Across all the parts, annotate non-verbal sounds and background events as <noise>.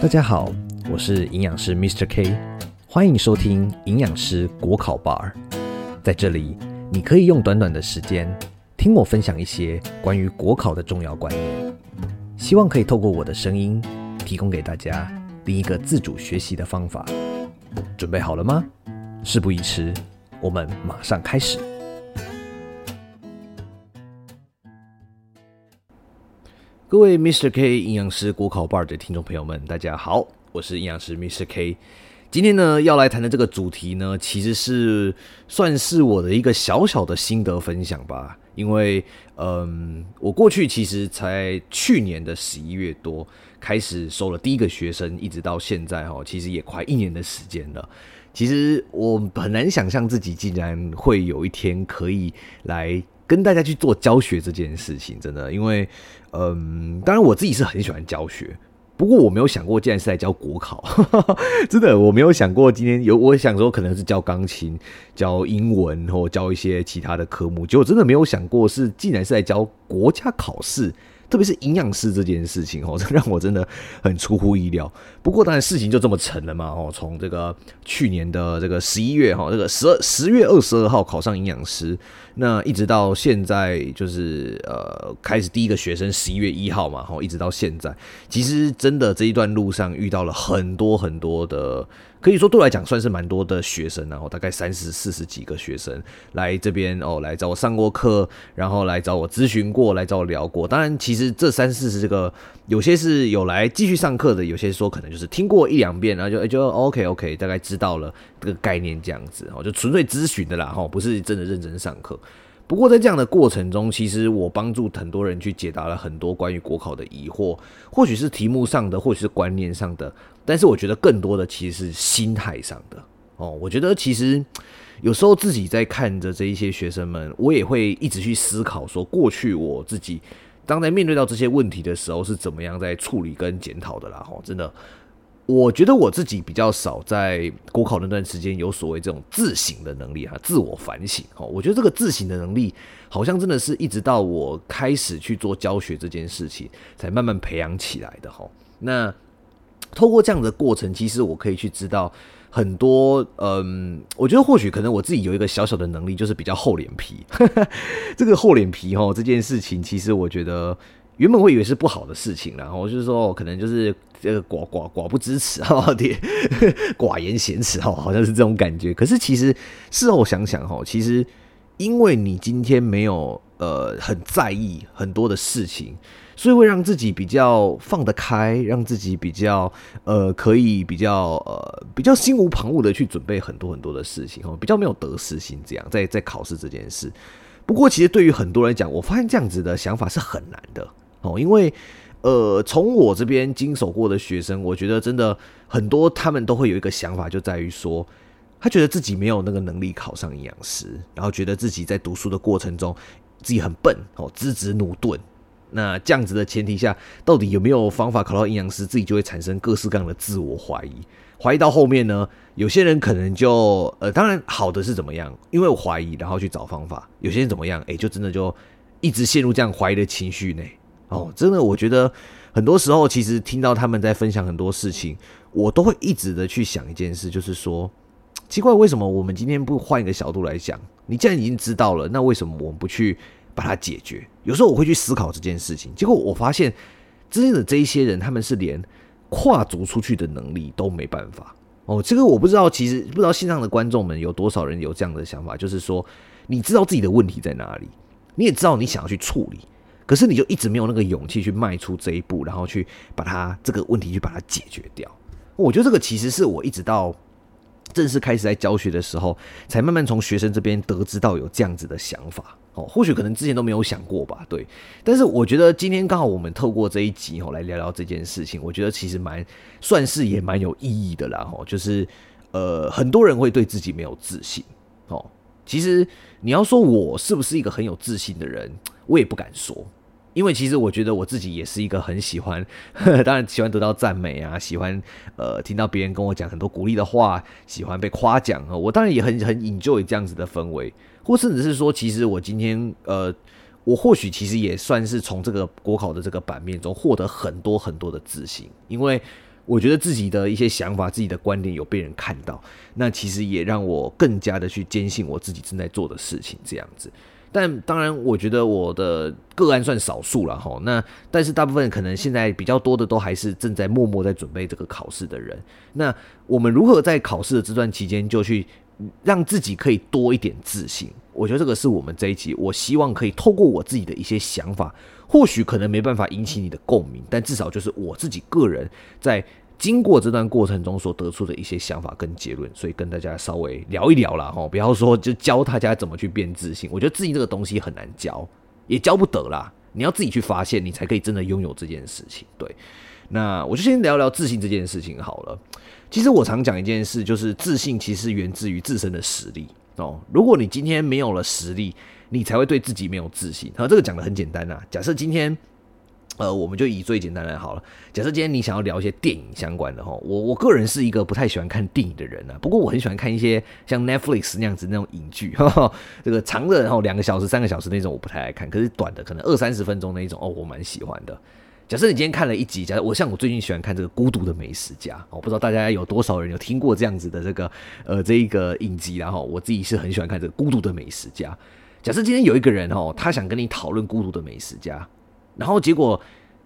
大家好，我是營養師 Mr. K，歡迎收聽營養師國考 bar。在這裡，你可以用短短的時間聽我分享一些關於國考的重要觀念，希望可以透過我的聲音，提供給大家另一個自主學習的方法。準備好了嗎？事不宜遲，我們馬上開始。各位 Mister K 營養師國考班的聽眾朋友們，大家好，我是營養師 Mister K。今天呢，要來談的這個主題呢，其實是算是我的一個小小的心得分享吧。因為，嗯，我過去其實才去年的十一月多開始收了第一個學生，一直到現在哦，其實也快一年的時間了。其實我很難想象自己竟然會有一天可以來。跟大家去做教學這件事情，真的，因為，嗯，當然我自己是很喜歡教學，不過我沒有想過，竟然是在教國考， <laughs> 真的，我沒有想過今天有，我想說可能是教鋼琴、教英文或教一些其他的科目，結果真的沒有想過是，竟然是在教國家考試。特別是營養師這件事情哦，這讓我真的很出乎意料。不過當然事情就這麼成了嘛哦，從這個去年的這個十一月哈，這個十二十月二十二號考上營養師，那一直到現在就是呃開始第一個學生十一月一號嘛，哦一直到現在，其實真的這一段路上遇到了很多很多的。可以說，對我來講算是蠻多的學生啊，然後大概三十四十幾個學生來這邊哦，來找我上過課，然後來找我諮詢過，來找我聊過。當然，其實這三四十個有些是有來繼續上課的，有些是說可能就是聽過一兩遍，然後就就 OK OK，大概知道了這個概念這樣子哦，就純粹諮詢的啦，不是真的認真上課。不過在這樣的過程中，其實我幫助很多人去解答了很多關於國考的疑惑，或許是題目上的，或許是觀念上的，但是我覺得更多的其實是心態上的哦。我覺得其實有時候自己在看着這一些學生們，我也會一直去思考，說過去我自己，當在面對到這些問題的時候，是怎麼樣在處理跟檢討的啦。吼，真的。我覺得我自己比較少在國考那段時間有所謂這種自省的能力哈、啊，自我反省哈。我覺得這個自省的能力，好像真的是一直到我開始去做教學這件事情，才慢慢培養起來的哈。那透過這樣的過程，其實我可以去知道很多。嗯，我覺得或許可能我自己有一個小小的能力，就是比較厚臉皮。呵呵，這個厚臉皮哈、哦，這件事情其實我覺得。原本我以為是不好的事情，然後，我就是說，可能就是這個寡寡寡、寡不支持哈，對， <laughs> 寡言咸辭哈，好像是這種感覺。可是其實事後想想哈，其實因為你今天沒有呃很在意很多的事情，所以會讓自己比較放得開，讓自己比較呃可以比較呃比較心無旁騖的去準備很多很多的事情哈，比較沒有得失心這樣在在考試這件事。不過其實對於很多人講，我發現這樣子的想法是很難的。哦，因為，呃，從我這邊經手過的學生，我覺得真的很多，他們都會有一個想法，就在於說，他覺得自己沒有那個能力考上營養師，然後覺得自己在讀書的過程中自己很笨，哦，資質駑鈍。那這樣子的前提下，到底有沒有方法考到營養師，自己就會產生各式各樣的自我懷疑。懷疑到後面呢，有些人可能就，呃，當然好的是怎麼樣，因為我懷疑，然後去找方法；有些人怎麼樣，哎、欸，就真的就一直陷入這樣懷疑的情緒內。哦，真的，我覺得很多時候，其實聽到他們在分享很多事情，我都會一直的去想一件事，就是說，奇怪，為什麼我們今天不換一個角度來講？你既然已經知道了，那為什麼我們不去把它解決？有時候我會去思考這件事情，結果我發現，真的這一些人，他們是連跨足出去的能力都沒辦法。哦，這個我不知道，其實不知道線上的觀眾們有多少人有這樣的想法，就是說，你知道自己的問題在哪裡，你也知道你想要去，處理。可是你就一直沒有那個勇氣去邁出這一步，然後去把它這個問題去把它解決掉。我覺得這個其實是我一直到正式開始在教學的時候，才慢慢從學生這邊得知到有這樣子的想法。哦，或許可能之前都沒有想過吧。對，但是我覺得今天剛好我們透過這一集哦來聊聊這件事情，我覺得其實蠻算是也蠻有意義的啦。哦，就是呃很多人會對自己沒有自信。哦，其實你要說我是不是一個很有自信的人，我也不敢說。因為其實我覺得我自己也是一個很喜歡，當然喜歡得到讚美啊，喜歡呃聽到別人跟我講很多鼓勵的話，喜歡被誇獎啊。我當然也很很 enjoy 這樣子的氛圍，或甚至是說，其實我今天呃，我或許其實也算是從這個國考的這個版面中獲得很多很多的自信，因為我覺得自己的一些想法、自己的觀點有被人看到，那其實也讓我更加的去堅信我自己正在做的事情這樣子。但當然，我覺得我的個案算少數了齁。那但是，大部分可能現在比較多的都還是正在默默在準備這個考試的人。那我們如何在考試的這段期間就去讓自己可以多一點自信？我覺得這個是我們這一集，我希望可以透過我自己的一些想法，或許可能沒辦法引起你的共鳴，但至少就是我自己個人在。經過這段過程中所得出的一些想法跟結論，所以跟大家稍微聊一聊啦。吼、哦，不要說就教大家怎麼去變自信。我覺得自信這個東西很難教，也教不得啦，你要自己去發現，你才可以真的擁有這件事情。對，那我就先聊聊自信這件事情好了。其實我常講一件事，就是自信其實源自於自身的實力哦。如果你今天沒有了實力，你才會對自己沒有自信。然、哦、這個講得很簡單啦、啊。假設今天。呃，我們就以最簡單來好了。假設今天你想要聊一些電影相關的哈，我我個人是一個不太喜歡看電影的人呢，啊。不過我很喜歡看一些像 Netflix 那樣子那種影劇哈，這個長的然後兩個小時、三個小時那種我不太愛看，可是短的可能二三十分鐘那種哦，我蠻喜歡的。假設你今天看了一集，假設我像我最近喜歡看這個《孤獨的美食家》，哦，不知道大家有多少人有聽過這樣子的這個呃這一個影集，然後我自己是很喜歡看這個《孤獨的美食家》。假設今天有一個人哦，他想跟你討論《孤獨的美食家》。然後結果，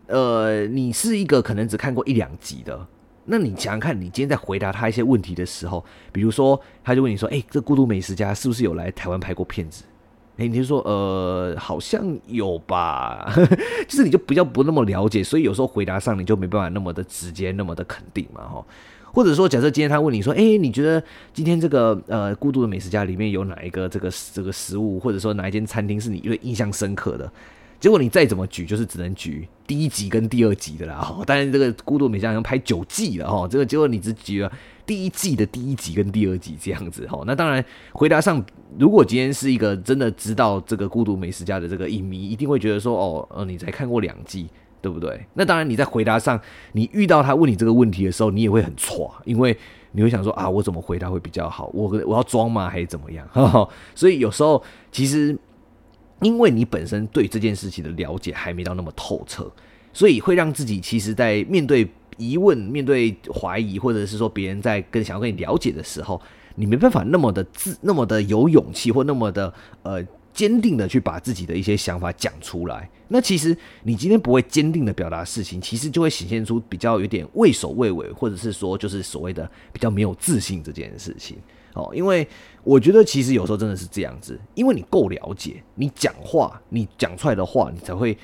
呃，你是一個可能只看過一兩集的，那你想想看，你今天在回答他一些問題的時候，比如說，他就問你說：“誒、欸，這孤獨美食家是不是有來台灣拍過片子？”誒、欸，你就說：“呃，好像有吧。 <laughs> ”就是你就比較不那麼了解，所以有時候回答上你就沒辦法那麼的直接，那麼的肯定嘛，哈。或者說，假設今天他問你說：“誒、欸，你覺得今天這個呃孤獨的美食家裡面有哪一個這個這個食物，或者說哪一間餐廳是你因為印象深刻的？”結果你再怎麼舉，就是只能舉第一集跟第二集的啦。當然，這個《孤獨美食家》要拍九季了哈，這個結果你只舉了第一季的第一集跟第二集這樣子哈。那當然，回答上如果今天是一個真的知道這個《孤獨美食家》的這個影迷，一定會覺得說哦，呃，你才看過兩季，對不對？那當然，你在回答上，你遇到他問你這個問題的時候，你也會很挫，因為你會想說啊，我怎麼回答會比較好？我我要裝嗎？還是怎麼樣？哦，所以有時候其實。因為你本身對這件事情的了解還沒到那麼透徹，所以會讓自己其實在面對疑問、面對懷疑，或者是說別人在更想要跟你了解的時候，你沒辦法那麼的自、那麼的有勇氣，或那麼的呃堅定的去把自己的一些想法講出來。那其實你今天不會堅定的表達事情，其實就會顯現出比較有點畏首畏尾，或者是說就是所謂的比較沒有自信這件事情。哦，因為我覺得其實有時候真的是這樣子，因為你夠了解，你講話，你講出來的話，你才會，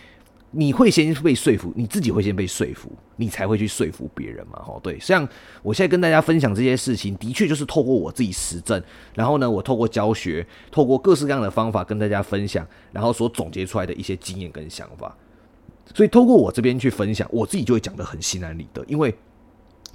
你會先被說服，你自己會先被說服，你才會去說服別人嘛。哦，對，像我現在跟大家分享這些事情，的確就是透過我自己實證，然後呢，我透過教學，透過各式各樣的方法跟大家分享，然後所總結出來的一些經驗跟想法。所以透過我這邊去分享，我自己就會講得很心安理得，因為。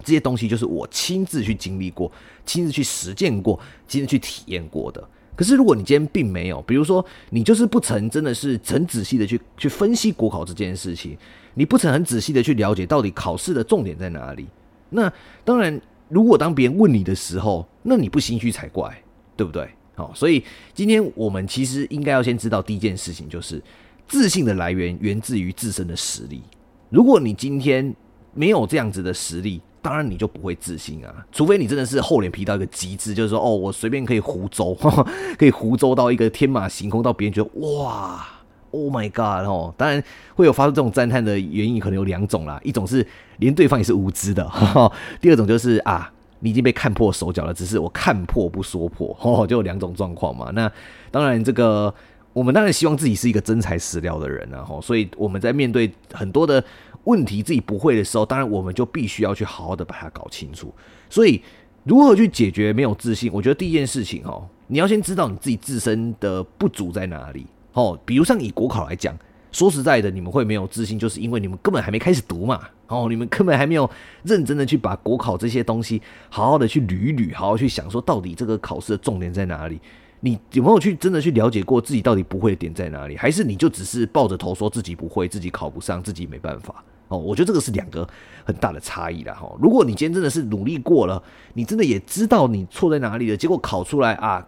這些東西就是我親自去經歷過、親自去實踐過、親自去體驗過的。可是如果你今天並沒有，比如說你就是不曾真的是很仔細的去去分析國考這件事情，你不曾很仔細的去了解到底考試的重點在哪裡，那當然如果當別人問你的時候，那你不心虛才怪，對不對？好，哦，所以今天我們其實應該要先知道第一件事情就是自信的來源源自於自身的實力。如果你今天沒有這樣子的實力，當然你就不會自信啊，除非你真的是厚臉皮到一個極致，就是說哦，我隨便可以胡謅，可以胡謅到一個天馬行空，到別人覺得哇，Oh my god！吼、哦，當然會有發出這種讚嘆的原因，可能有兩種啦，一種是連對方也是無知的，呵呵，第二種就是啊，你已經被看破手腳了，只是我看破不說破，吼，就有兩種狀況嘛。那當然，這個我們當然希望自己是一個真材實料的人啊。吼，所以我們在面對很多的。問題自己不會的時候，當然我們就必須要去好好的把它搞清楚。所以，如何去解決沒有自信？我覺得第一件事情哦，你要先知道你自己自身的不足在哪裡哦。比如像以國考來講，說實在的，你們會沒有自信，就是因為你們根本還沒開始讀嘛。哦，你們根本還沒有認真的去把國考這些東西好好的去捋一捋，好好去想說到底這個考試的重點在哪裡？你有沒有去真的去了解過自己到底不會的點在哪裡？還是你就只是抱着頭說自己不會，自己考不上，自己沒辦法？哦，我覺得這個是兩個很大的差異了哈。如果你今天真的是努力過了，你真的也知道你錯在哪裡了，結果考出來啊，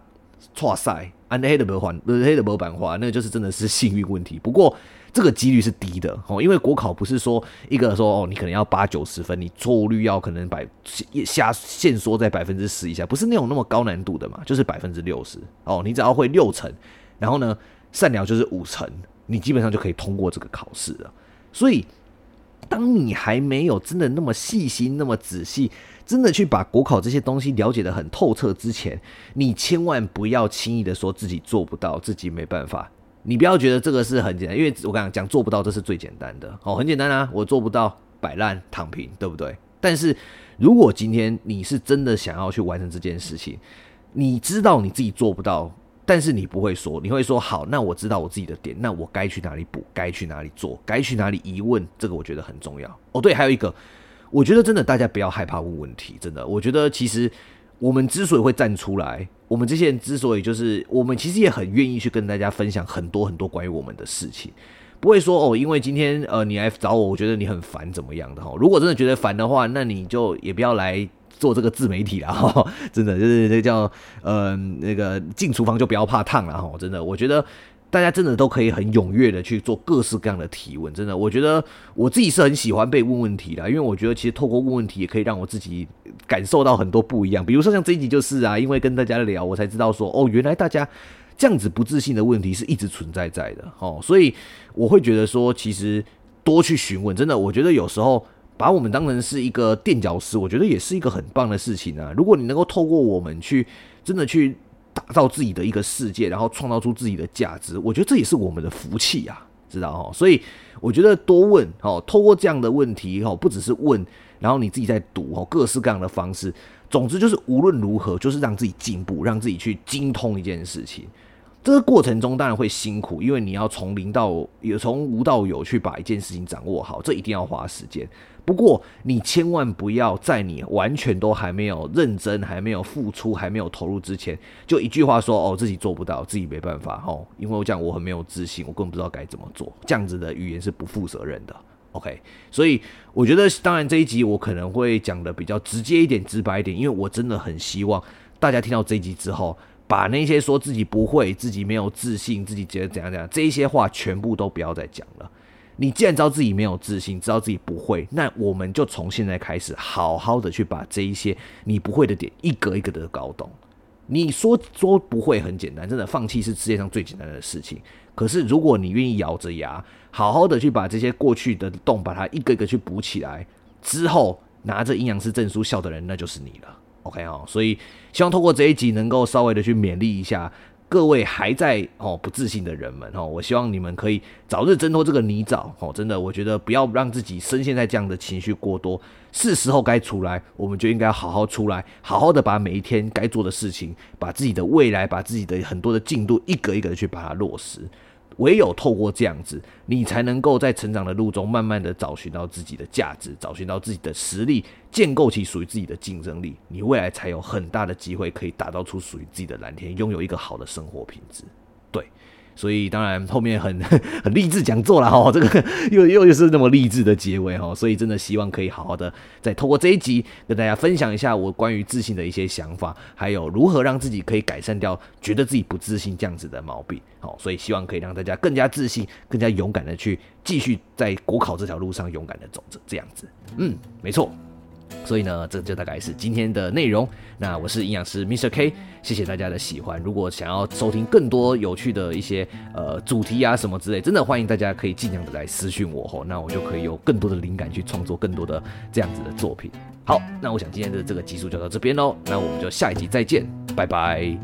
錯塞，按黑的模板，不是黑的模板畫，那就是真的是幸運問題。不過這個幾率是低的哦，因為國考不是說一個說哦，你可能要八九十分，你錯誤率要可能百下限縮在百分之十以下，不是那種那麼高難度的嘛，就是百分之六十哦。你只要會六成，然後呢，申論就是五成，你基本上就可以通過這個考試了。所以。當你還沒有真的那麼細心、那麼仔細，真的去把國考這些東西了解得很透徹之前，你千萬不要輕易地說自己做不到、自己沒辦法。你不要覺得這個是很簡單，因為我剛剛講，講做不到，這是最簡單的哦，很簡單啊，我做不到，擺爛躺平，對不對？但是，如果今天你是真的想要去完成這件事情，你知道你自己做不到。但是你不會說，你會說好，那我知道我自己的點，那我該去哪裡補，該去哪裡做，該去哪裡疑問，這個我覺得很重要。哦，對，還有一個，我覺得真的大家不要害怕問問題，真的，我覺得其實我們之所以會站出來，我們這些人之所以就是我們其實也很願意去跟大家分享很多很多關於我們的事情，不會說哦，因為今天呃你來找我，我覺得你很煩怎麼樣的哈？如果真的覺得煩的話，那你就也不要來。做這個自媒體啦，真的就是這叫呃、嗯、那個進廚房就不要怕燙了哈，真的，我覺得大家真的都可以很踴躍的去做各式各樣的提問，真的，我覺得我自己是很喜歡被問問題的，因為我覺得其實透過問問題也可以讓我自己感受到很多不一樣，比如說像這一集就是啊，因為跟大家聊，我才知道說哦，原來大家這樣子不自信的問題是一直存在在的哦，所以我會覺得說，其實多去詢問，真的，我覺得有時候。把我們當成是一個墊腳石，我覺得也是一個很棒的事情啊！如果你能夠透過我們去真的去打造自己的一個世界，然後創造出自己的價值，我覺得這也是我們的福氣啊，知道哦，所以我覺得多問哦，透過這樣的問題哦，不只是問，然後你自己在讀哦，各式各樣的方式，總之就是無論如何，就是讓自己進步，讓自己去精通一件事情。這個過程中當然會辛苦，因為你要從零到有，從無到有去把一件事情掌握好，這一定要花時間。不過你千萬不要在你完全都還沒有認真、還沒有付出、還沒有投入之前，就一句話說：“哦，自己做不到，自己沒辦法。”哦，因為我講我很沒有自信，我根本不知道該怎麼做，這樣子的語言是不負責任的。OK，所以我覺得，當然這一集我可能會講得比較直接一點、直白一點，因為我真的很希望大家聽到這一集之後。把那些說自己不會、自己沒有自信、自己覺得怎樣怎樣這一些話，全部都不要再講了。你既然知道自己沒有自信，知道自己不會，那我們就從現在開始，好好的去把這一些你不會的點，一個一個的搞懂。你說，說不會很簡單，真的，放棄是世界上最簡單的事情。可是如果你願意咬着牙，好好的去把這些過去的洞，把它一個一個去補起來，之後拿着營養師證書笑的人，那就是你了。OK，所以希望透過這一集能夠稍微的去勉勵一下各位還在哦不自信的人們哦，我希望你們可以早日掙脫這個泥沼哦。真的，我覺得不要讓自己深陷在這樣的情緒過多，是時候該出來，我們就應該好好出來，好好的把每一天該做的事情，把自己的未來，把自己的很多的進度，一個一個的去把它落實。唯有透過這樣子，你才能夠在成長的路中，慢慢的找尋到自己的價值，找尋到自己的實力，建構起屬於自己的競爭力，你未來才有很大的機會可以打造出屬於自己的藍天，擁有一個好的生活品質。對。所以當然後面很很勵志講座啦哈，這個又又又是那麼勵志的結尾哈，所以真的希望可以好好的再透過這一集跟大家分享一下我關於自信的一些想法，還有如何讓自己可以改善掉覺得自己不自信這樣子的毛病。好，所以希望可以讓大家更加自信、更加勇敢的去繼續在國考這條路上勇敢的走着，這樣子。嗯，沒錯。所以呢，這就大概是今天的內容。那我是營養師 Mr. K，謝謝大家的喜歡。如果想要收聽更多有趣的一些呃主題啊什麼之類，真的歡迎大家可以儘量的來私訊我吼、哦，那我就可以有更多的靈感去創作更多的這樣子的作品。好，那我想今天的這個集數就到這邊嘍，那我們就下一集再見，拜拜。